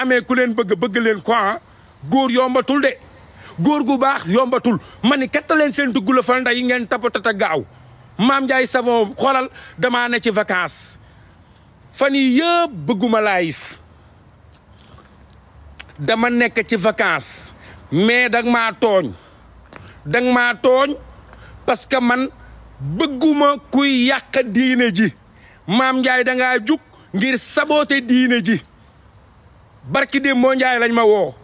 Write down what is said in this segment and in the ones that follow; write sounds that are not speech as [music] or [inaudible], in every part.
amee ku leen bëgg bëgg leen quoi ah, góor yombatul de góor gu baax yombatul ma ni katta leen seen dugg la fa nday ngeen tapatata gaaw maam Ndiaye sabon xoolal damaa ne ci vacances fan yii yëpp bëgguma live dama nekk ci vacances mais danga maa tooñ danga maa tooñ parce que man bëgguma kuy yàq diine ji maam Ndiaye dangaa jug ngir saboote diine ji barki dem moo njaay lañ ma woo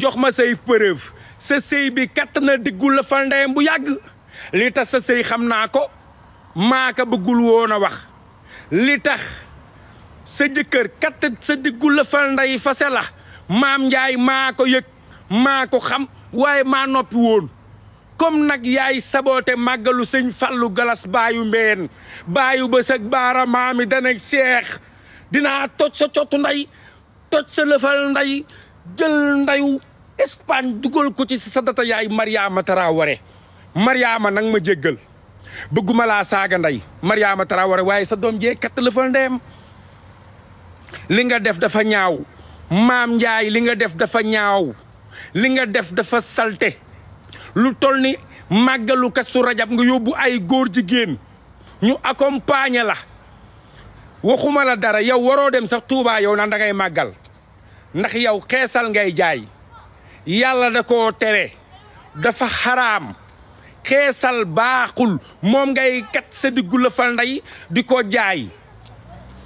jox ma say preuve sa sëy bi katt na diggul la fa bu yàgg li tax sa sëy xam naa ko maaka bëggul woon a wax li tax sa jëkkër katt sa diggul la fa ndey fase la maam njaay maa ko yëg maa xam waaye maa noppi woon comme nag yaay sabote màggalu sëñ fàllu galas baayu mbeen baayu bës ak baara maami danek seex dina toj sa cotu ndey toj sa lëfal nday jël ndayu Espagne dugal ko ci sa data yaay Mariama Traoré Mariama nag ma jéggal bëgguma laa saaga nday Mariama Traoré waaye sa doom jee kat lëfal ndeyam li nga def dafa ñaaw maam Njaay li nga def dafa ñaaw li nga def dafa salte lu toll ni màggalu Kazu Rajab nga yóbbu ay góor jigéen ñu accompagner la waxuma la dara yow waroo dem sax Touba yow naan da ngay màggal ndax yow xeesal ngay jaay yàlla da ko tere dafa xaraam xeesal baaxul moom ngay kat sa diggu la fa di ko jaay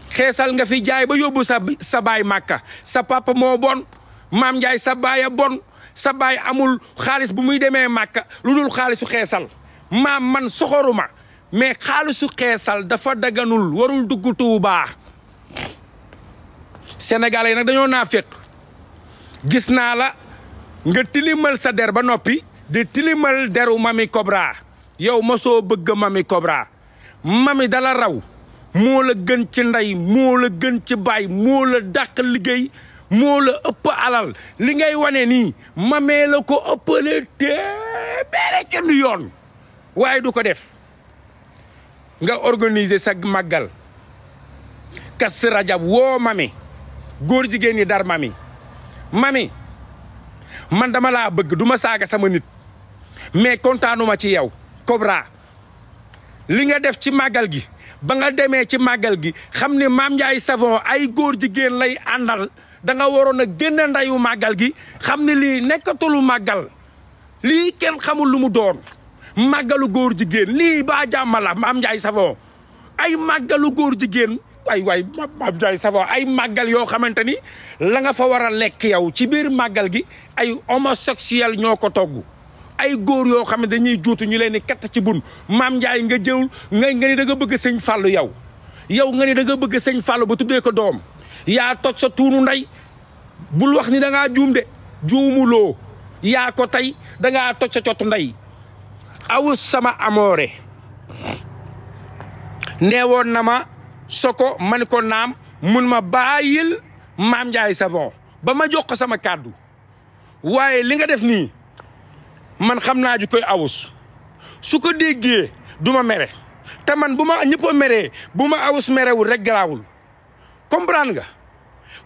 xeesal nga fi jaay ba yóbbu sa baay màkka sa papa moo bon maam njaay sa baaya bon sa baay amul xaalis bu muy demee màkka lu dul xaalisu xeesal maam man soxoruma mais xaalisu xeesal dafa daganul warul dugg Tuubaa sénégalais nak dañu naa féq gis na la nga tilimal sa der ba nopi di tilimal deru mami Cobra yow mosoo bëgg mami Cobra mami dala raw mo la gën ci nday mo la gën ci bay mo la dak liggey mo la ëpp alal li ngay wone ni mamé la ko té béré ci ñu yoon waye du ko def nga organiser sa magal kas rajab wo mami góor jigéen ñi dar mami mami man dama laa bëgg duma saaga sama nit mais kontaanuma ci yow Cobra li nga def ci màggal gi ba nga demee ci màggal gi xam ne Mame Ndiaye Savon ay góor jigéen lay àndal danga waroon a génn ndeyu màggal gi xam ne lii nekkatulu màggal lii kenn xamul lu mu doon màggalu góor jigéen lii baa jàmmala Mame Ndiaye Savon ay màggalu góor jigéen waay waay Pape Ndiaye ça va ay màggal yoo xamante ni la nga fa war a lekk yow ci biir màggal gi ay homosexuel ñoo ko togg ay góor yoo xam ne dañuy juutu ñu leen di katt ci bun maam Ndiaye nga jëwul nga nga ni danga bëgg sëñ Fallou yow yow nga ni da nga bëgg sëñ Fallou ba tuddee ko doom yaa toj sa tuunu ndey bul wax ni danga ngaa juum de juumuloo yaa ko tey da toj sa cotu ndey awul sama amoore neewoon na ma soko man ko naam mun ma bàyyil maam Ndiaye Savon ba ma jox ko sama kàddu waaye li nga def nii man xam naa ju koy awus su ko déggee duma ma mere te man bu ma ñëpp a meree bu ma awus merewul rek garaawul comprendre nga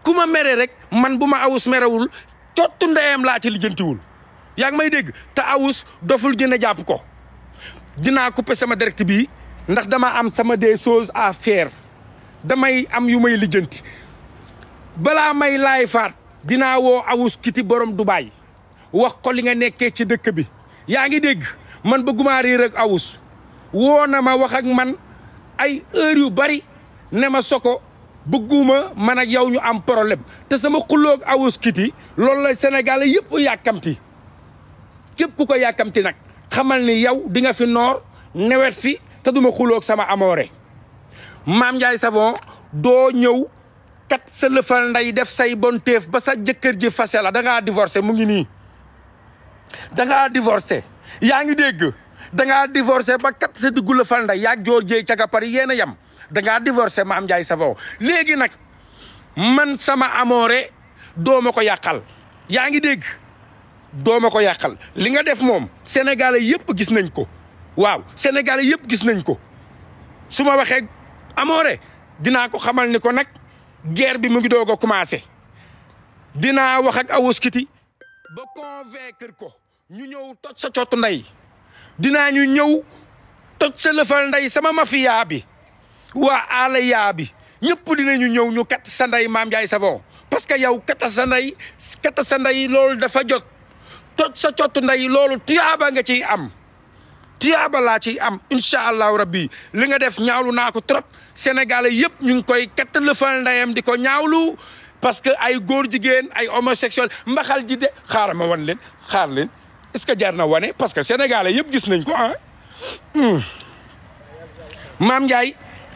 ku ma mere rek man bu ma awus merewul cottu ndeyam laa ci lijjantiwul yaa ngi may dégg te awus doful dina jàpp ko dinaa couper sama direct bi ndax dama am sama des choses à faire damay am yu may lijjanti balaa may laay faat dinaa woo awus kiti du Dubaay wax ko li nga nekkee ci dëkk bi yaa ngi dégg man bëgguma réer ak awus woo na ma wax ak man ay heure yu bari ne ma soko bëgguma man a yow ñu am problème te sama xulloog awus kiti loolu la Sénégal yëpp yàkkamti képp ku ko yàkkamti nag xamal ni yow di nga fi noor newet fi te duma xulloog sama amoore maam Ndiaye Savon doo ñëw kat sa lëfal nday def say bon téef ba sa jëkkër ji fase la da ngaa mu ngi nii da ngaa divorcé yaa ngi dégg danga ngaa divorcé ba kat sa diggu lëfal nday yaag joor jeey caga pari yéen a yem da ngaa divorcé maam Ndiaye Savon léegi nag man sama amoore doo ma ko yàqal yaa ngi dégg dooma ko yàqal li nga def moom sénégalais yëpp gis nañ ko waaw sénégalais yëpp gis nañ ko su ma waxee amoore dinaa ko xamal ni ko nag guerre bi mu ngi doog a commencé dinaa wax ak awuskiti ba convaincre ko ñu ñëw toj sa cot ndey dinaa ñu ñëw toj sa lëfal ndey sama mafia bi waa aala yaa bi ñëpp ñu ñëw ñu kat sa ndey maam Ndiaye Savon parce que yow kat sa ndey kat sa ndey loolu dafa jot toj sa cot ndey loolu tuyaaba nga ciy am tiyaaba laa ciy am incha allahu rabbi li nga def ñaawlu naa ko trop sénégalais yëpp ñu ngi koy katt lëfal ndeyam di ko ñaawlu parce que ay góor jigéen ay homosexuel mbaxal ji de xaaral ma wan leen xaar leen est-ce que jar na wane parce que sénégalais yëpp gis nañ ko ah hmm. maam Ndiaye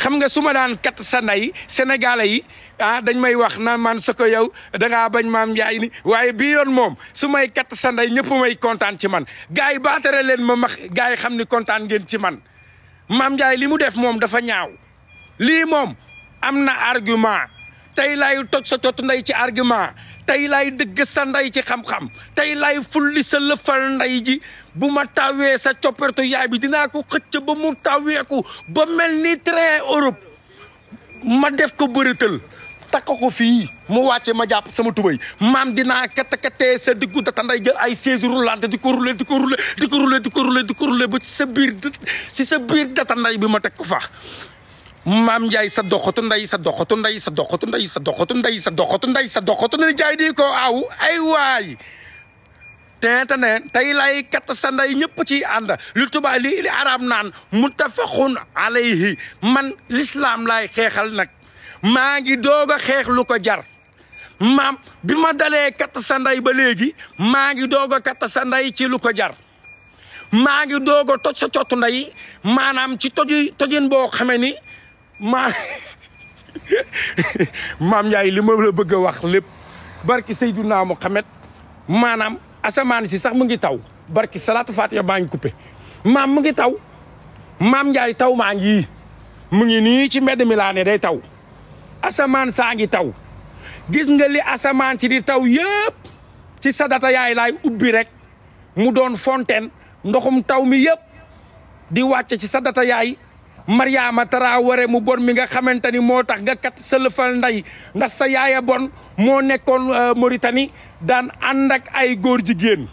xam nga su ma daan kat sa ndey sénégalais yi ah dañ may wax naan man sa ko yow dangaa bañ maam Ndiaye ni waaye bii moom su may kat sa ndey ñëpp may kontaan ci man gars yi baatare leen ma max gars yi xam ni kontaan ngeen ci man maam li mu def moom dafa ñaaw lii moom am na argument tey laay toj sa tot ndey ci argument tey laay dëgg sa ndey ci xam-xam tey laay fulli sa lëfal ndey ji bu ma tawee sa coppertu yaay bi dinaa ko xëcc ba mu taweeku ba mel ni train Europe ma def ko bërital takk ko fii mu wàcce ma jàpp sama tubay maam dinaa katakatee sa diggu data nday ja ay chaise roulante di ko roulé di ko roulé di ko roulé di ko roulé ba ci sa biir sa biir data nday bi ma teg ko fa maam Ndiaye sa doxatu nday sa doxatu nday sa doxatu nday sa doxatu nday sa doxatu nday sa doxatu nday jaay di ko aw ay waay teente ne tey lay katt sa nday ñëpp ciy ànd lu tubaab li li arab naan muttafaqun alayhi man lislaam laay xeexal nag maa ngi doog a xeex lu ko jar maam bi ma dalee katt sa nday ba léegi maa ngi doog a katt sa nday ci lu ko jar maa ngi doog a toj sa cottu nday maanaam ci toju tojin boo xamee ni maa maam [laughs] Ndiaye li ma la bëgg a wax lépp barki Seydina Mohamed maanaam asamaan si sax mu ngi taw barki salaatu fatiha baa ngi coupé maam mu ngi taw maam Ndiaye taw maa ngi mu ngi nii ci mbedd mi laa ne day taw asamaan saa ngi taw gis nga li asamaan si di taw yëpp ci sadata yaay laay ubbi rek mu doon fontaine ndoxum taw mi yëpp di wàcc ci sadata yaay Mariama Traoré mu bon mi nga xamante ni moo tax nga kat sa lëfal ndey ndax sa yaaya bon moo nekkoon euh, moritani daan ànd ay góor jigéen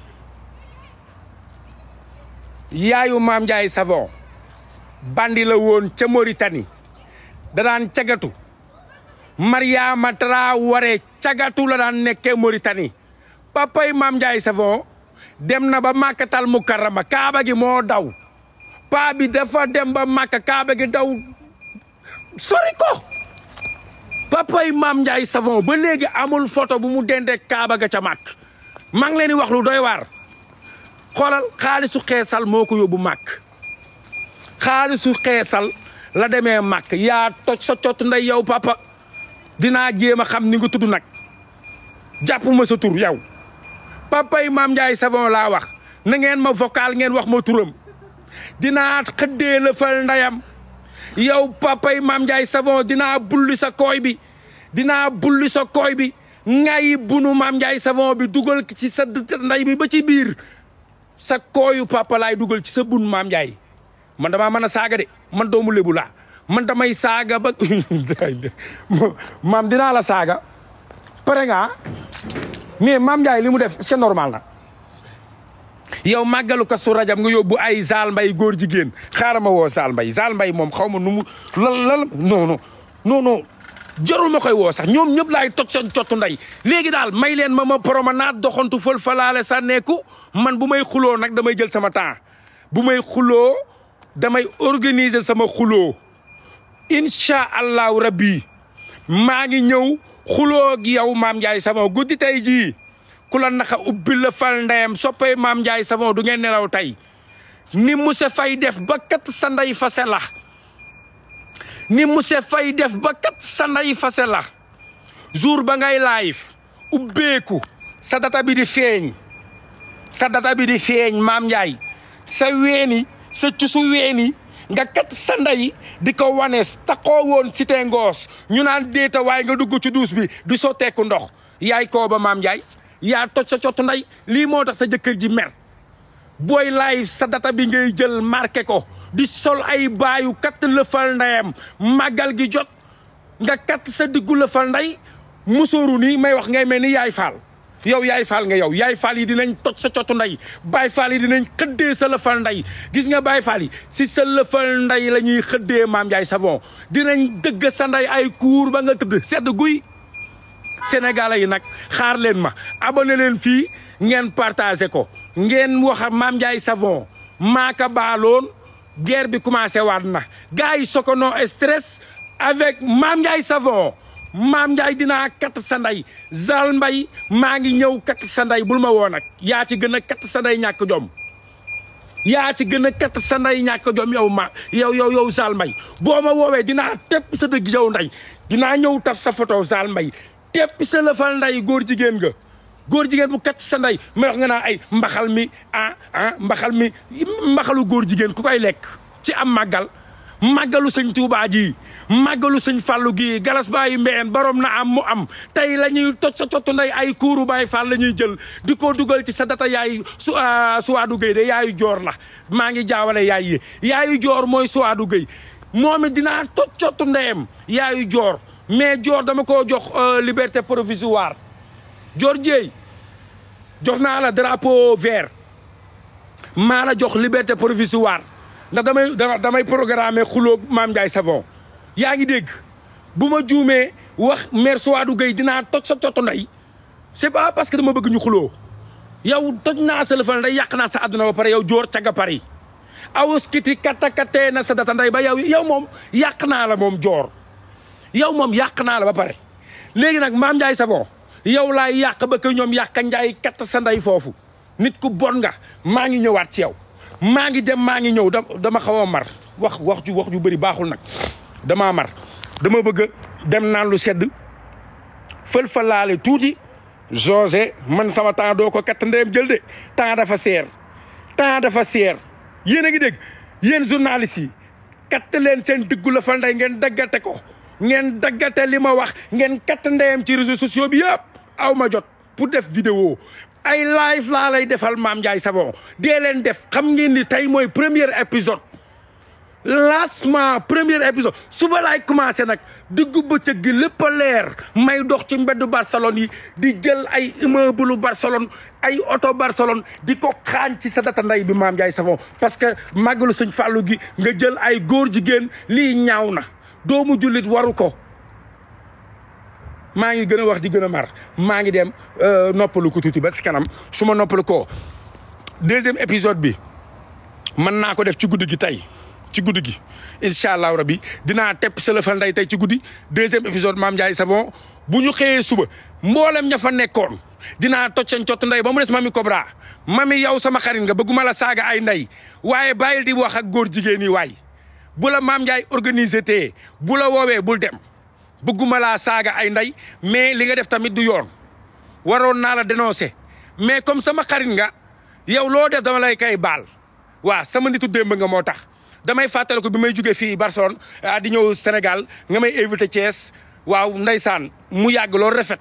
yayu maam Ndiaye Savon bandi la woon ca Mauritanie da daan cagatu Mariama Traoré cagatu la daan nekkee Mauritanie papay maam Ndiaye Savon dem na ba màkkatal mukarrama kaaba gi moo daw paa bi dafa dem ba Màkka kaaba gi daw sori ko papay maam Ndiaye Savon ba léegi amul photo bu mu dendee kaaba ga ca màkk maa ngi di wax lu doy waar xoolal xaalisu xeesal moo ko yóbbu màkk xaalisu xeesal la demee màkk yaa toj sa cot nday yow papa dinaa jéem a xam ni nga tudd nag jàpp ma sa tur yow papay maam Ndiaye Savon laa wax na ngeen ma vocal ngeen wax ma turam dinaa xëddee la fal ndayam yow papay Mame Ndiaye Savon dinaa bulli sa kooy bi dinaa bulli sa kooy bi ngay bunu Mame Ndiaye Savon bi dugal ci sa nday bi ba ci biir sa kooyu papa laay dugal ci sa bun mam Ndiaye man damaa mën a saaga de man doomu lébu laa man damay saaga ba [laughs] maam dinaa la saaga pare nga mais Mame Ndiaye li mu def est-ce que normal na yow màggalu Kazu Rajab nga yóbbu ay Zal mbay góor jigéen xaaral ma woo Zal Mbaye Zal mbay moom xaw ma nu mu lan lan non non non non jarul ma koy woo sax ñoom ñëpp laay toj seen cottu ndey léegi daal may leen ma ma promenade doxantu fël falaale sànneeku man bu may xuloo nag damay jël sama temps bu may xuloo damay organiser sama xuloo incha allahu rabbi maa ngi ñëw xuloo gi yow maam Ndiaye sama guddi tey ji ku la naxa ubbi la fal ndeyam soppay maam Ndiaye Savon du ngeen nelaw tey ni Moussa Faye def ba kat sa ndey fase la ni Moussa fay def ba kat sa ndey fase la jour ba ngay live ubbeeku sa data bi di feeñ sa data bi di xeeñ maam Ndiaye sa weeni sa cusu weeni nga kat sa ndey di ko wanees taxoo woon cité ngoos ñu naan déeta waaye nga dugg ci duus bi du sotteeku ndox yaay koo ba maam Ndiaye yaa toj sa cottu nday lii moo tax sa jëkkër ji mer booy lay sa data bi ngay jël marqué ko di sol ay baayu katt lëfal ndeyam màggal gi jot nga kat sa diggu lëfal ndey musóoru nii may wax ngay mel ni yaay faal yow yaay faal nga yow yaay faal yi dinañ toj sa cottu ndey baay faal yi dinañ xëddee sa lëfal ndey gis nga baay faal yi si sa lëfal ndey la ñuy xëddee maam yaay savon dinañ dëgg sa ndey ay kuur ba nga tëdd sedd guy sénégalais yi nag xaar leen ma abonné leen fii ngeen partagé ko ngeen waxa maam Ndiaye Savon maaka baaloon guerre bi commencé waat na gars yi sokono stress avec Mame Ndiaye Savon maam Ndiaye dinaa kat sa ndey zal mbay maa ngi ñëw kat sa ndey bul ma woo nag yaa ci gën a kat sa ndey ñàkk jom yaa ci gën a kat ñàkk jom yow ma yow yow yow zal mbay boo ma woowee dinaa tepp sa dëgg yow ndey dinaa ñëw taf sa photo zal mbay tepp sa lëfal nday góor jigéen nga góor jigéen bu kat sa nday may wax nga naa ay mbaxal mi ah ah mbaxal mi mbaxalu góor jigéen ku koy lekk ci am màggal màggalu sëñ Tuubaa ji màggalu sëñ Fàllu gi galas bàyyi mbeen boroom na am mu am tey la ñuy toj sa cottu nday ay kuuru Baay Faal la ñuy jël di ko dugal ci sa data yaay su ah, Suwaadu Géy de yaay joor la maa ngi jaawale yaay yi yaay joor mooy Suwaadu Géy moom dina dinaa toj cottu ndeyam yaayu joor mais joor dama ko jox euh, liberté provisoire joor jéey jox naa la drapeau vert maa na jox liberté provisoire ndax damay damay programmer xuloog Maam Ndiaye Savon yaa ngi dégg bu ma juumee wax maire Souadou Gueye dinaa toj sa cottu ndey c'est pas parce que dama bëgg ñu xuloo yow toj naa sa lëfal ndey yàq naa sa àdduna ba pare yow joor cagga pari awuskiti katakatee na sa data nday ba yow yow moom yàq naa la moom joor yow moom yàq naa la ba pare léegi nag maam Ndiaye Savon yow laay yàq ba que ñoom yàq Ndiaye katt sa nday foofu nit ku bon nga maa ngi ñëwaat ci yow maa ngi dem maa ngi ñëw da dama xaw a mar wax wax ju wax ju bëri baaxul nag dama mar dama bëgg dem naan lu sedd fël fa laale tuuti José man sama temps doo ko katt ndeem jël de temps dafa seer temps dafa seer yéen a ngi dégg yéen journaliste yi katt leen seen diggula la ngeen daggate ko ngeen daggate li ma wax ngeen katt ndeyam ci réseau sociaux bi yëpp aw ma jot pour def vidéo ay live laa lay defal Mame Ndiaye Savon dee leen def xam ngeen ni tey mooy premier épisode lancement premier épisode suba laay commencé nag di bëccëg gi lépp a leer may dox ci mbeddu Barcelone yi di jël ay immeuble Barcelone ay oto Barcelone di ko xaañ ci sa data nday bi maam Ndiaye Savon parce que màggalu suñ fàllu gi nga jël ay góor jigéen lii ñaaw na doomu jullit waru ko maa ngi gën a wax di gën a mar maa ngi dem euh, noppalu ku tuuti ba si kanam suma ma noppalu ko deuxième épisode bi mën naa ko def ci guddi gi tey ci guddi gi incha allahu rabi dinaa tepp sëlëfal nday tey ci guddi deuxième épisode Mame Ndiaye Savon bu ñu xëyee suba mboolem ña fa nekkoon dinaa toj seen cott nday ba mu des mami Cobra mami yow sama xarit nga bëgguma la saaga ay nday waaye bàyyil di wax ak góor jigéen yi waay bu la Mame Ndiaye organisé tee bu la woowee bul dem bëgguma laa saaga ay nday mais li nga def tamit du yoon waroon naa la dénoncé mais comme sama xarit nga yow loo def dama lay kay baal waa sama nitu démb nga moo tax damay fàttale ko bi may jugee fii Barcelone ah, di ñëw Sénégal nga may invité Thiès waaw ndeysaan mu yàgg loolu rafet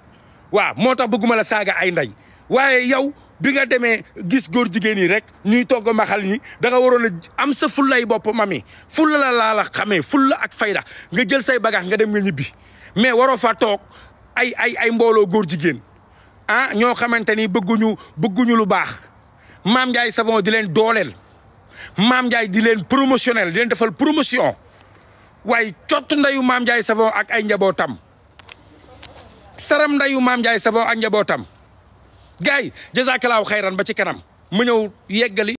waaw moo tax bëgguma la saaga ay ndey waaye yow bi nga demee gis góor jigéen yi rek ñuy togg maxal ñi danga nga waroon a am sa fullay bopp mami fulla la laa la xamee fulla ak fayda nga jël say bagax nga dem nga ñibbi mais waroo fa toog ay ay ay mbooloo góor jigéen ah ñoo xamante ni bëgguñu bëgguñu lu baax maam Ndiaye Savon di leen dooleel Maam Ndiaye di leen promotionnel di defal promotion waaye cott ndayu Maam Ndiaye Savon ak ay njabootam saram ndayu Maam Ndiaye Savon ak njabootam gars yi jazakalaaw xayran ba ci kanam mu yeggali